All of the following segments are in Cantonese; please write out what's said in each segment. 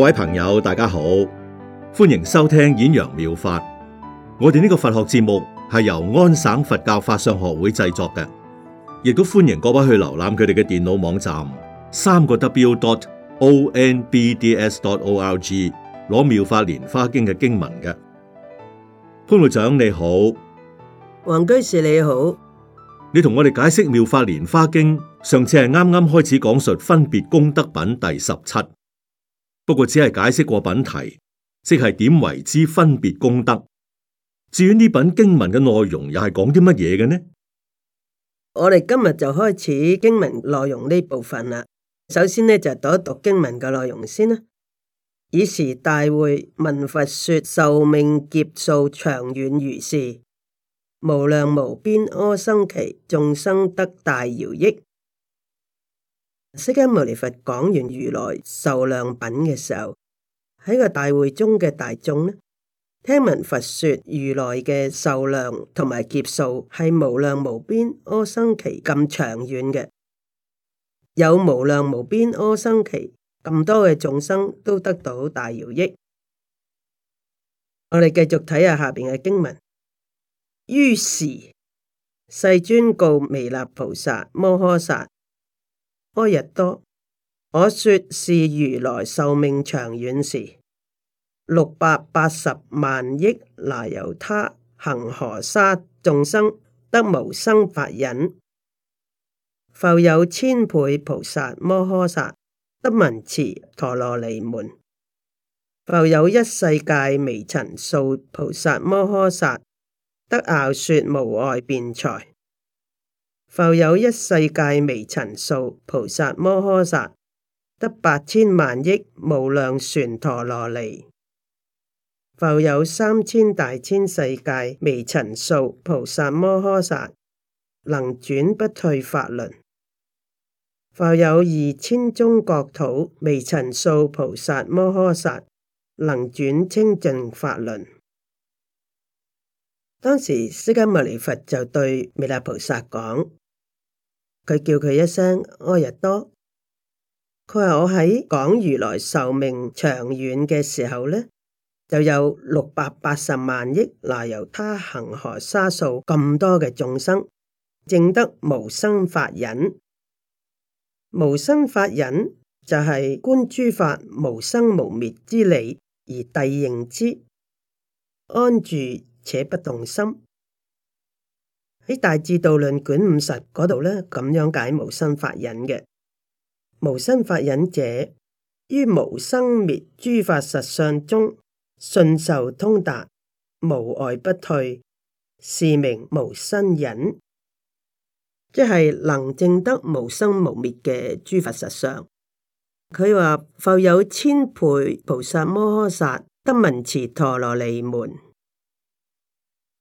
各位朋友，大家好，歡迎收聽演揚妙，妙法。我哋呢個佛學節目係由安省佛教法相學會製作嘅，亦都歡迎各位去瀏覽佢哋嘅電腦網站，三個 w.dot.o.n.b.d.s.dot.o.r.g，攞妙法蓮花經嘅經文嘅。潘會長你好，黃居士你好，你同我哋解釋妙法蓮花經，經花經上次係啱啱開始講述分別功德品第十七。不過只係解釋過品題，即係點為之分別功德。至於呢本經文嘅內容，又係講啲乜嘢嘅呢？我哋今日就開始經文內容呢部分啦。首先呢，就讀一讀經文嘅內容先啦。爾時大會聞佛說壽命劫數長遠如是，無量無邊阿僧祇，眾生得大饒益。釋迦牟尼佛講完如來壽量品嘅時候，喺個大會中嘅大眾呢，聽聞佛說如來嘅壽量同埋劫數係無量無邊阿僧祇咁長遠嘅，有無量無邊阿僧祇咁多嘅眾生都得到大饒益。我哋繼續睇下下邊嘅經文。於是世尊告彌勒菩薩摩訶薩。阿逸多，我說是如來壽命長遠時，六百八十萬億那由他恒河沙眾生得無生法忍，復有千倍菩薩摩訶薩得聞持陀羅尼門，復有一世界微塵數菩薩摩訶薩得樂說無礙辯才。復有一世界微塵數菩薩摩訶薩得八千萬億無量旋陀羅尼。復有三千大千世界微塵數菩薩摩訶薩能轉不退法輪。復有二千中國土微塵數菩薩摩訶薩能轉清淨法輪。當時釋迦牟尼佛就對彌勒菩薩講。佢叫佢一聲阿逸多，佢話我喺講如來壽命長遠嘅時候咧，就有六百八十萬億那由他恆河沙數咁多嘅眾生證得無生法忍。無生法忍就係觀諸法無生無滅之理而諦認之安住且不動心。喺《大智度論》卷五十嗰度咧，咁樣解無生法忍嘅。無生法忍者於無生滅諸法實相中，信受通達，無礙不退，是名無生忍。即係能證得無生無滅嘅諸法實相。佢話：，復有千倍菩薩摩訶薩得聞持陀羅尼門。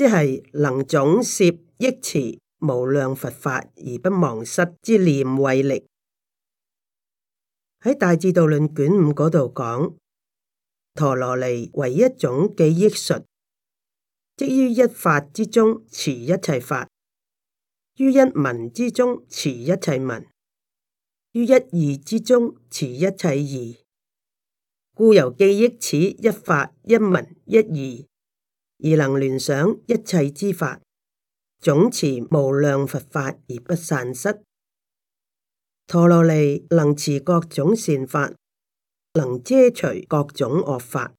即係能總攝憶持無量佛法而不忘失之念慧力。喺《大智度論》卷五嗰度講，陀羅尼為一種記憶術，即於一法之中持一切法，於一文之中持一切文，於一義之中持一切義，故由記憶此一法一文一義。而能聯想一切之法，總持無量佛法而不散失。陀羅尼能持各種善法，能遮除各種惡法。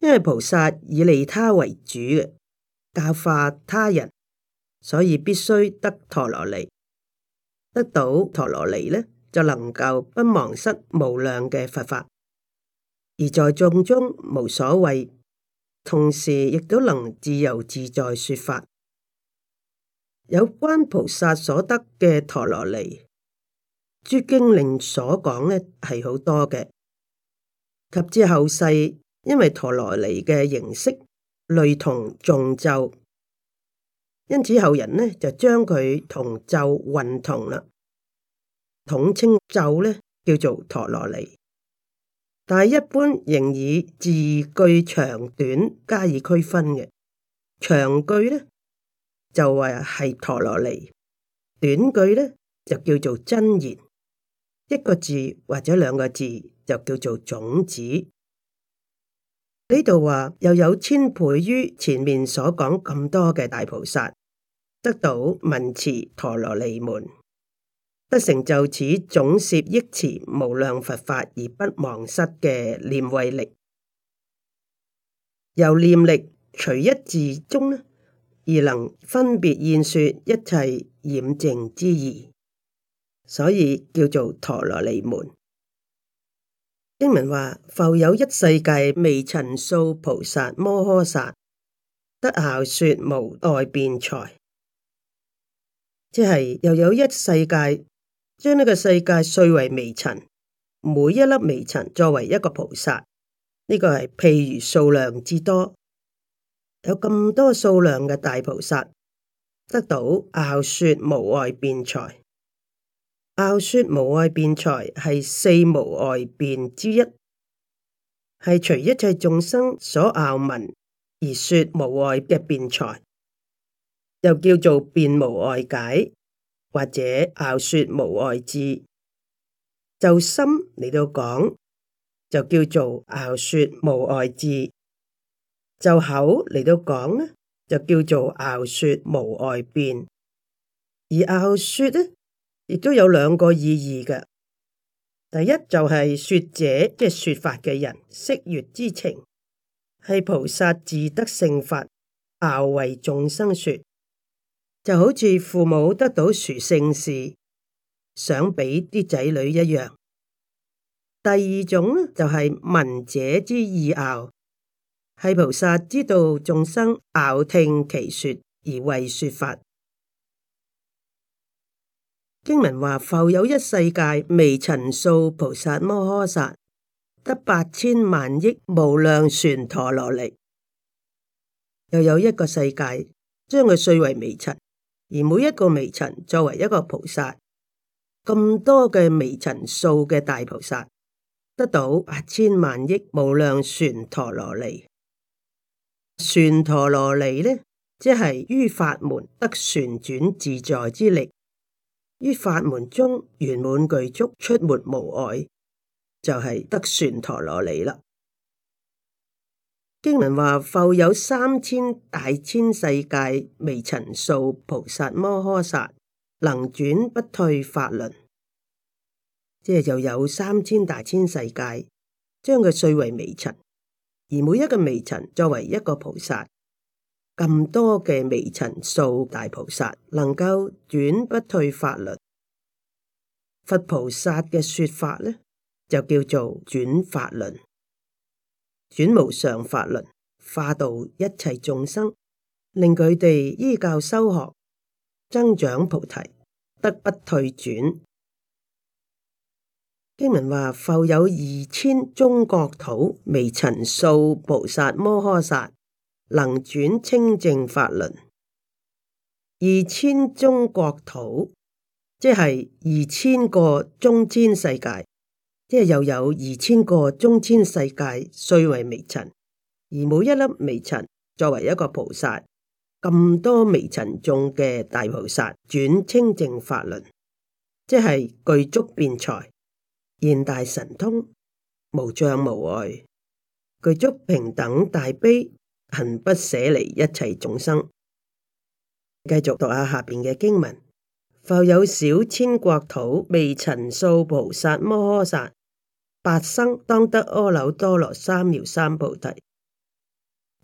因為菩薩以利他為主嘅，教化他人，所以必須得陀羅尼。得到陀羅尼呢，就能夠不忘失無量嘅佛法，而在眾中無所謂。同時亦都能自由自在說法，有關菩薩所得嘅陀羅尼，諸經令所講咧係好多嘅，及至後世，因為陀羅尼嘅形式類同眾咒，因此後人咧就將佢同咒混同啦，統稱咒咧叫做陀羅尼。但一般仍以字句長短加以區分嘅，長句咧就話係陀羅尼，短句咧就叫做真言，一個字或者兩個字就叫做種子。呢度話又有千倍於前面所講咁多嘅大菩薩，得到文詞陀羅尼門。成就此總攝憶持無量佛法而不忘失嘅念慧力，由念力隨一字中呢，而能分別現說一切染淨之義，所以叫做陀羅尼門。經文話：復有一世界微塵數菩薩摩訶薩得樂說無礙辯才，即係又有一世界，將呢個世界碎為微塵，每一粒微塵作為一個菩薩，呢、這個係譬如數量之多，有咁多數量嘅大菩薩得到樂說無礙辯才。樂說無礙辯才係四無礙辯之一，係隨一切眾生所樂聞而說無礙嘅辯才，又叫做辯無礙解。或者樂說無礙智，就心嚟到講就叫做樂說無礙智；就口嚟到講咧就叫做樂說無礙辯。而樂說呢，亦都有兩個意義嘅，第一就係說者，即係說法嘅人，色月之情，係菩薩自得勝法，樂為眾生說。就好似父母得到殊勝事，想俾啲仔女一樣。第二種咧，就係聞者之意樂，係菩薩知道眾生樂聽其說而為說法。經文話：復有一世界微塵數菩薩摩訶薩，得八千萬億無量旋陀羅尼。又有一個世界，將佢碎為微塵。而每一個微塵作為一個菩薩，咁多嘅微塵數嘅大菩薩得到八千萬億無量旋陀羅尼，旋陀羅尼呢，即係於法門得旋轉自在之力，於法門中圓滿具足出沒無礙，就係、是、得旋陀羅尼啦。經文話：復有三千大千世界微塵數菩薩摩訶薩，能轉不退法輪。即係就有三千大千世界，將佢碎為微塵，而每一個微塵作為一個菩薩，咁多嘅微塵數大菩薩，能夠轉不退法輪。佛菩薩嘅說法呢，就叫做轉法輪。轉無上法輪，化度一切眾生，令佢哋依教修學，增長菩提，得不退轉。經文話：復有二千中國土，微塵數菩薩摩訶薩，能轉清淨法輪。二千中國土，即係二千個中千世界。即係又有二千個中千世界，雖為微塵，而每一粒微塵作為一個菩薩，咁多微塵眾嘅大菩薩轉清淨法輪，即係具足辯才現大神通，無障無礙，具足平等大悲，恆不捨離一切眾生。繼續讀下下邊嘅經文：復有小千國土微塵數，微塵數菩薩摩訶薩。八生當得阿耨多羅三藐三菩提。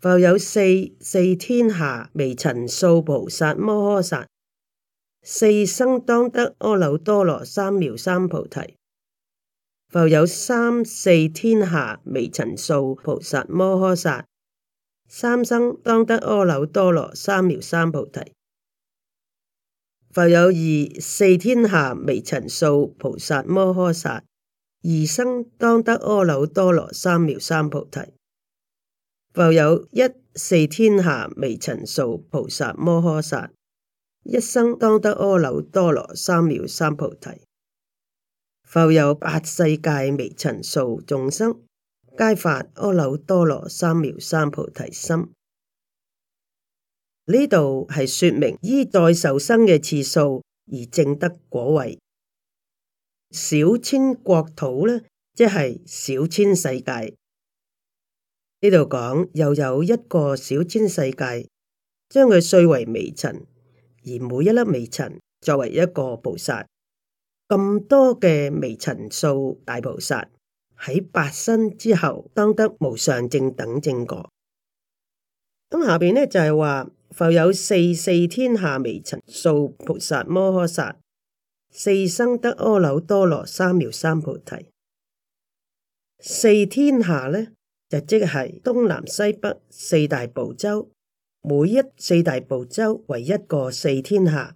復有四四天下微塵數菩薩摩訶薩，四生當得阿耨多羅三藐三菩提。復有三四天下微塵數菩薩摩訶薩，三生當得阿耨多羅三藐三菩提。復有二四天下微塵數菩薩摩訶薩。二生當得阿耨多羅三藐三菩提，復有一四天下微塵數菩薩摩訶薩，一生當得阿耨多羅三藐三菩提，復有八世界微塵數眾生，皆發阿耨多羅三藐三菩提心。呢度係說明依代受生嘅次數而證得果位。小千國土咧，即係小千世界。呢度講又有一個小千世界，將佢碎為微塵，而每一粒微塵作為一個菩薩，咁多嘅微塵數大菩薩喺八身之後，當得無上正等正果。咁下邊咧就係、是、話，復有四四天下微塵數菩薩摩訶薩。四生得阿耨多羅三藐三菩提，四天下呢，就即係東南西北四大部洲，每一四大部洲為一個四天下。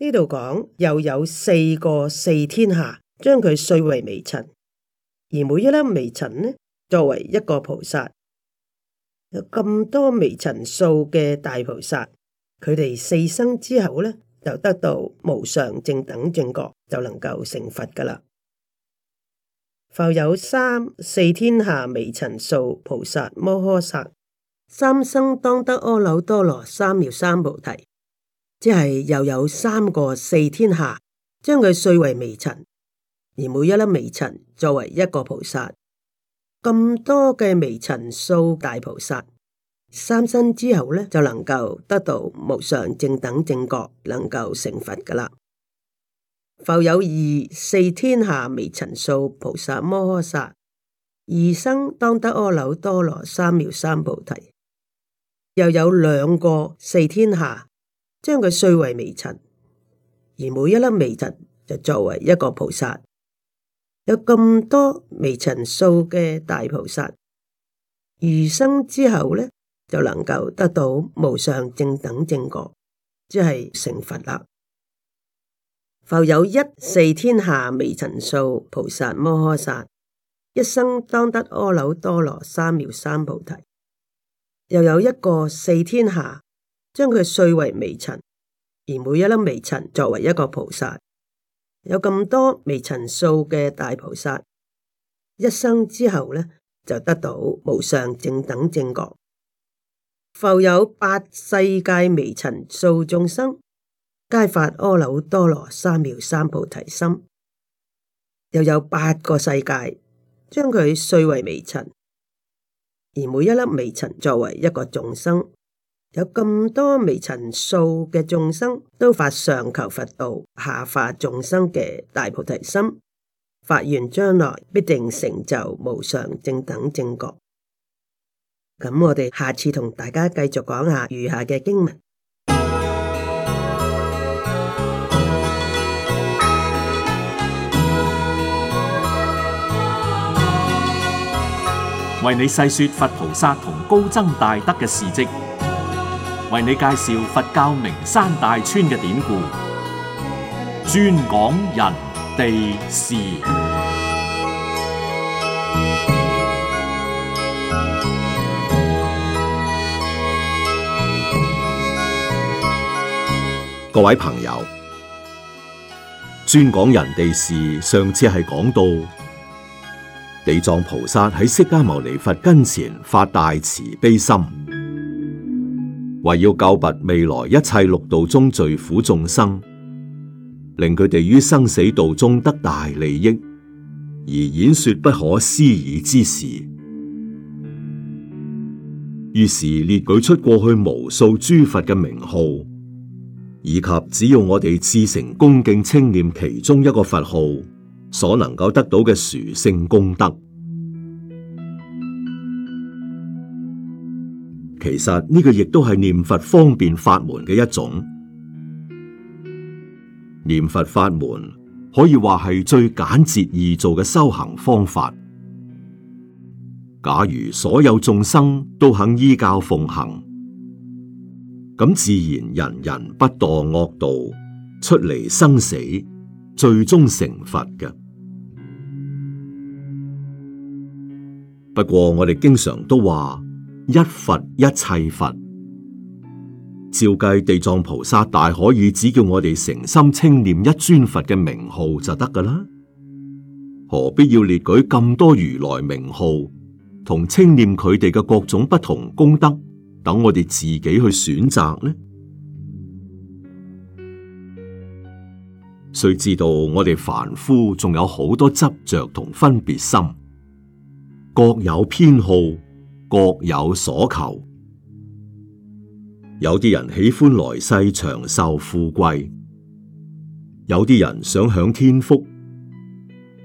呢度講又有四個四天下，將佢碎為微塵，而每一粒微塵呢，作為一個菩薩，有咁多微塵數嘅大菩薩，佢哋四生之後呢。就得到無上正等正覺，就能夠成佛噶啦。復有三四天下微塵數菩薩摩訶薩，三生當得阿耨多羅三藐三菩提，即係又有三個四天下，將佢碎為微塵，而每一粒微塵作為一個菩薩，咁多嘅微塵數大菩薩。三生之後咧，就能夠得到無上正等正覺，能夠成佛噶啦。復有二四天下微塵數菩薩摩訶薩，二生當得阿耨多羅三藐三菩提。又有兩個四天下，將佢碎為微塵，而每一粒微塵就作為一個菩薩。有咁多微塵數嘅大菩薩，二生之後咧。就能夠得到無上正等正覺，即係成佛啦。復有一四天下微塵數菩薩摩訶薩，一生當得阿耨多羅三藐三菩提。又有一個四天下，將佢碎為微塵，而每一粒微塵作為一個菩薩，有咁多微塵數嘅大菩薩，一生之後咧就得到無上正等正覺。復有八世界微塵數眾生，皆發阿耨多羅三藐三菩提心。又有八個世界，將佢碎為微塵，而每一粒微塵作為一個眾生，有咁多微塵數嘅眾生，都發上求佛道、下化眾生嘅大菩提心，發願將來必定成就無上正等正覺。咁我哋下次同大家繼續講下餘下嘅經文，為你細說佛菩薩同高僧大德嘅事跡，為你介紹佛教名山大川嘅典故，專講人地事。各位朋友，專講人地事。上次係講到地藏菩薩喺釋迦牟尼佛跟前發大慈悲心，為要救拔未來一切六道中罪苦眾生，令佢哋於生死道中得大利益，而演說不可思議之事。於是列舉出過去無數諸佛嘅名號。以及只要我哋至誠恭敬稱念其中一個佛號，所能夠得到嘅殊勝功德，其實呢個亦都係念佛方便法門嘅一種。念佛法門可以話係最簡潔易做嘅修行方法。假如所有眾生都肯依教奉行。咁自然，人人不墮惡道，出嚟生死，最終成佛嘅。不過我哋經常都話，一佛一切佛，照計地藏菩薩大可以只叫我哋誠心稱念一尊佛嘅名號就得㗎啦，何必要列舉咁多如來名號同稱念佢哋嘅各種不同功德？等我哋自己去選擇呢？誰知道我哋凡夫仲有好多執着同分別心，各有偏好，各有所求。有啲人喜歡來世長壽富貴，有啲人想享天福，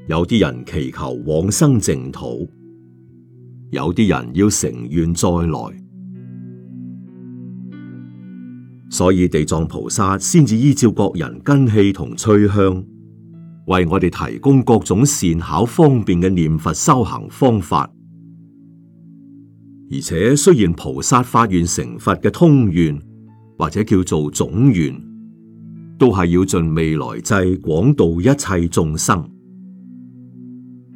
有啲人祈求往生淨土，有啲人要乘願再來。所以地藏菩薩先至依照各人根器同趣向，為我哋提供各種善巧方便嘅念佛修行方法。而且雖然菩薩發願成佛嘅通願或者叫做總願，都係要盡未來際廣度一切眾生，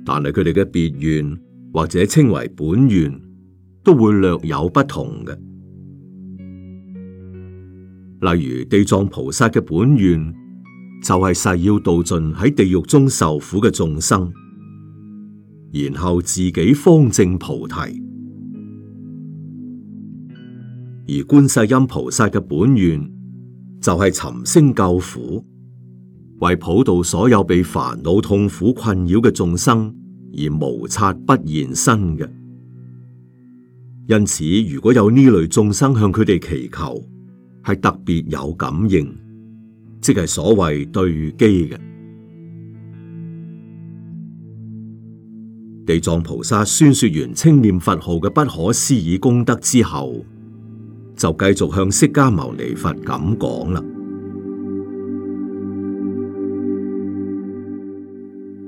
但係佢哋嘅別願或者稱為本願，都會略有不同嘅。例如地藏菩薩嘅本願就係誓要度盡喺地獄中受苦嘅眾生，然後自己方證菩提；而觀世音菩薩嘅本願就係尋聲救苦，為普渡所有被煩惱痛苦困擾嘅眾生而無剎不現身嘅。因此，如果有呢類眾生向佢哋祈求，係特別有感應，即係所謂對機嘅。地藏菩薩宣說完稱念佛號嘅不可思議功德之後，就繼續向釋迦牟尼佛咁講啦。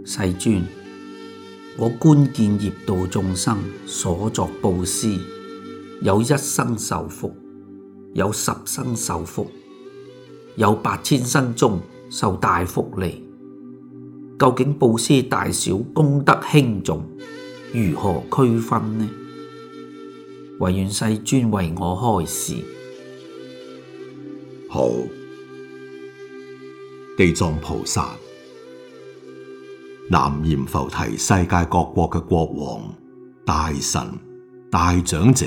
世尊，我觀見業道眾生所作布施，有一生受福。有十生受福，有八千生中受大福利。究竟布施大小、功德輕重，如何區分呢？唯願世尊為我開示。好，地藏菩薩，南閻浮提世界各國嘅國王、大臣、大長者。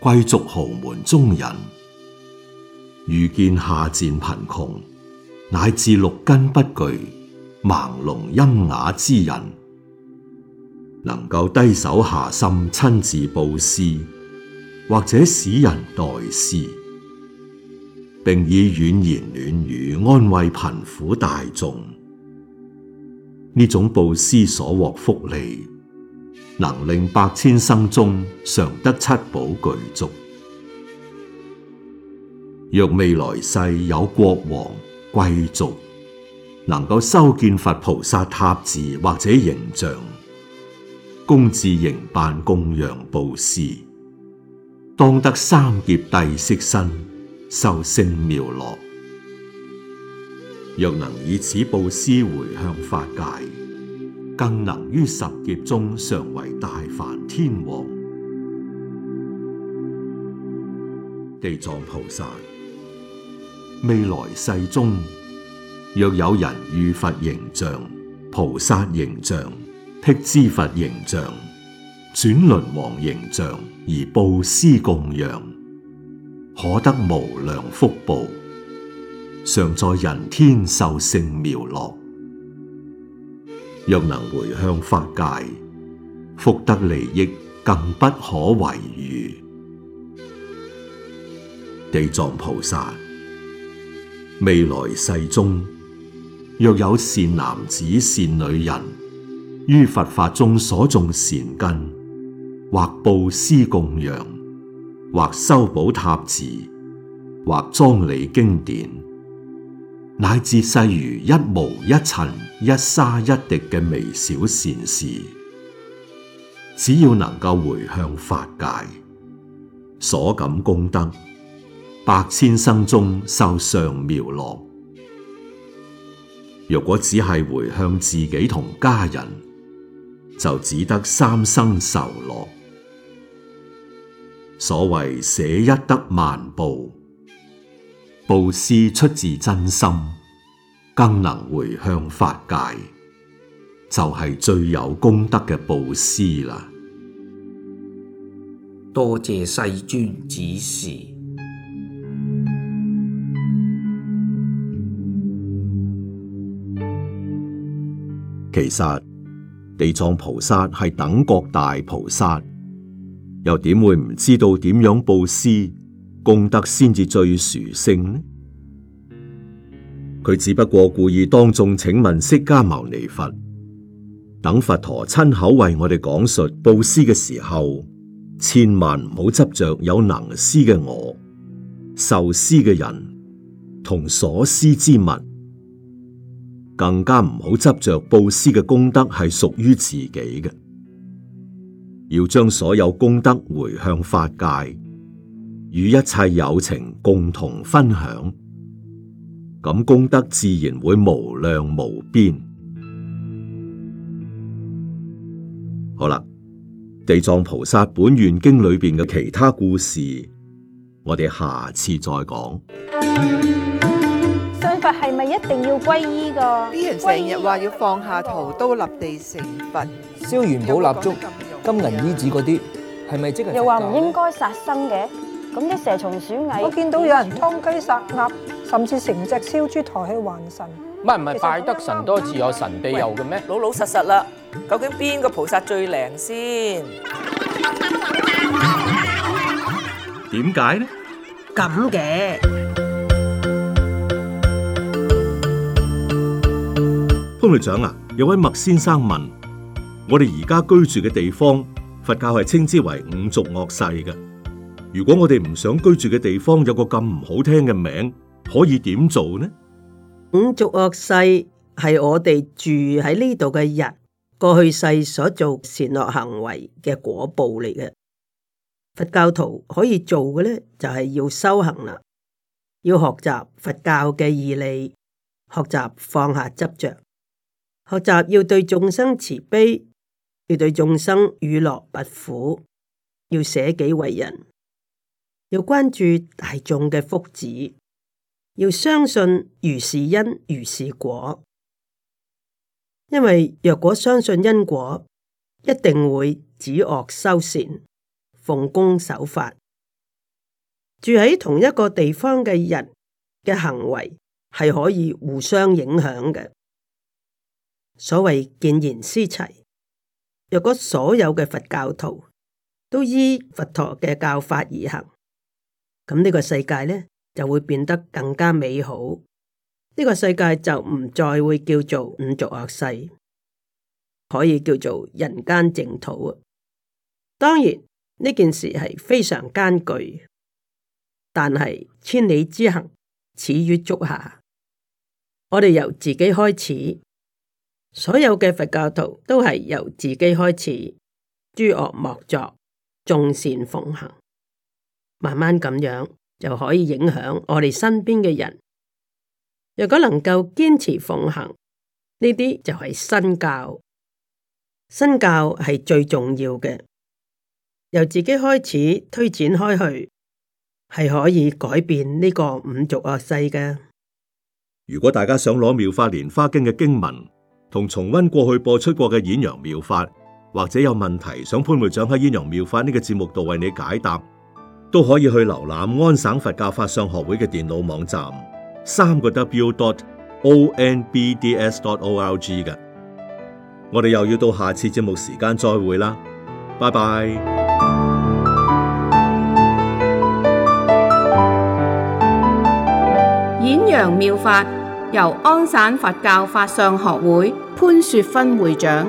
貴族豪門中人，遇見下賤貧窮乃至六根不具、盲聾喑啞之人，能夠低首下心，親自布施，或者使人代施，並以軟言軟語安慰貧苦大眾，呢種布施所獲福利。能令百千生中常得七寶具足。若未來世有國王貴族，能夠修建佛菩薩塔寺或者形象，躬自營辦供養布施，當得三劫帝釋身，受勝妙樂。若能以此布施回向法界。更能於十劫中常為大梵天王。地藏菩薩未來世中，若有人遇佛形象、菩薩形象、辟支佛形象、轉輪王形象而布施供養，可得無量福報，常在人天受勝妙樂。若能回向法界，福德利益，更不可為喻。地藏菩薩，未來世中，若有善男子善女人，於佛法中所種善根，或布施供養，或修補塔寺，或裝理經典。乃至細如一毛、一塵、一沙、一滴嘅微小善事，只要能夠回向法界，所感功德，百千生中受上妙樂。若果只係回向自己同家人，就只得三生受樂。所謂捨一得萬報。布施出自真心，更能回向法界，就係、是、最有功德嘅布施啦。多謝世尊指示。其實地藏菩薩係等覺大菩薩，又點會唔知道點樣布施？功德先至最殊勝，佢只不過故意當眾請問釋迦牟尼佛，等佛陀親口為我哋講述布施嘅時候，千萬唔好執着有能施嘅我，受施嘅人同所施之物，更加唔好執着布施嘅功德係屬於自己嘅，要將所有功德回向法界。與一切有情共同分享，咁功德自然會無量無邊。好啦，地藏菩薩本願經裏邊嘅其他故事，我哋下次再講。信佛係咪一定要皈依㗎？啲人成日話要放下屠刀立地成佛，燒元寶蠟燭、金銀衣紙嗰啲，係咪即係又話唔應該殺生嘅？咁啲蛇蟲鼠蟻，我見到有人劏雞殺鴨，甚至成隻燒豬抬起還神。唔係唔係，拜得神多自有神庇佑嘅咩？老老實實啦，究竟邊個菩薩最靈先？點解呢？咁嘅潘隊長啊，有位麥先生問：我哋而家居住嘅地方，佛教係稱之為五濁惡世嘅。如果我哋唔想居住嘅地方有個咁唔好聽嘅名，可以點做呢？五濁惡世係我哋住喺呢度嘅人過去世所做善惡行為嘅果報嚟嘅。佛教徒可以做嘅咧，就係要修行啦，要學習佛教嘅義理，學習放下執着，學習要對眾生慈悲，要對眾生與樂拔苦，要捨己為人。要關注大眾嘅福祉，要相信如是因如是果，因為若果相信因果，一定會止惡修善，奉公守法。住喺同一個地方嘅人嘅行為係可以互相影響嘅，所謂見賢思齊。若果所有嘅佛教徒都依佛陀嘅教法而行。咁呢個世界呢就會變得更加美好，呢、這個世界就唔再會叫做五濁惡世，可以叫做人間淨土啊！當然呢件事係非常艱巨，但係千里之行，始於足下。我哋由自己開始，所有嘅佛教徒都係由自己開始，諸惡莫作，眾善奉行。慢慢咁樣就可以影響我哋身邊嘅人。若果能夠堅持奉行呢啲，就係身教。身教係最重要嘅，由自己開始推展開去，係可以改變呢個五濁惡世嘅。如果大家想攞《妙法蓮華經》嘅經文，同重温過去播出過嘅《演揚妙法》，或者有問題想潘會長喺《演揚妙法》呢個節目度為你解答。都可以去瀏覽安省佛教法相學會嘅電腦網站，三個 W dot O N B D S dot O L G 嘅。我哋又要到下次節目時間再會啦，拜拜。演揚妙法由安省佛教法相學會潘雪芬會長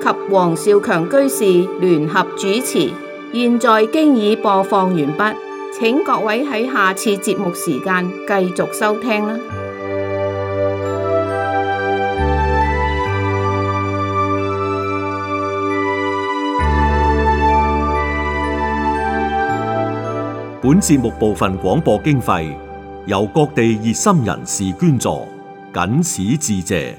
及黃少強居士聯合主持。現在經已播放完畢，請各位喺下次節目時間繼續收聽啦。本節目部分廣播經費由各地熱心人士捐助，僅此致謝。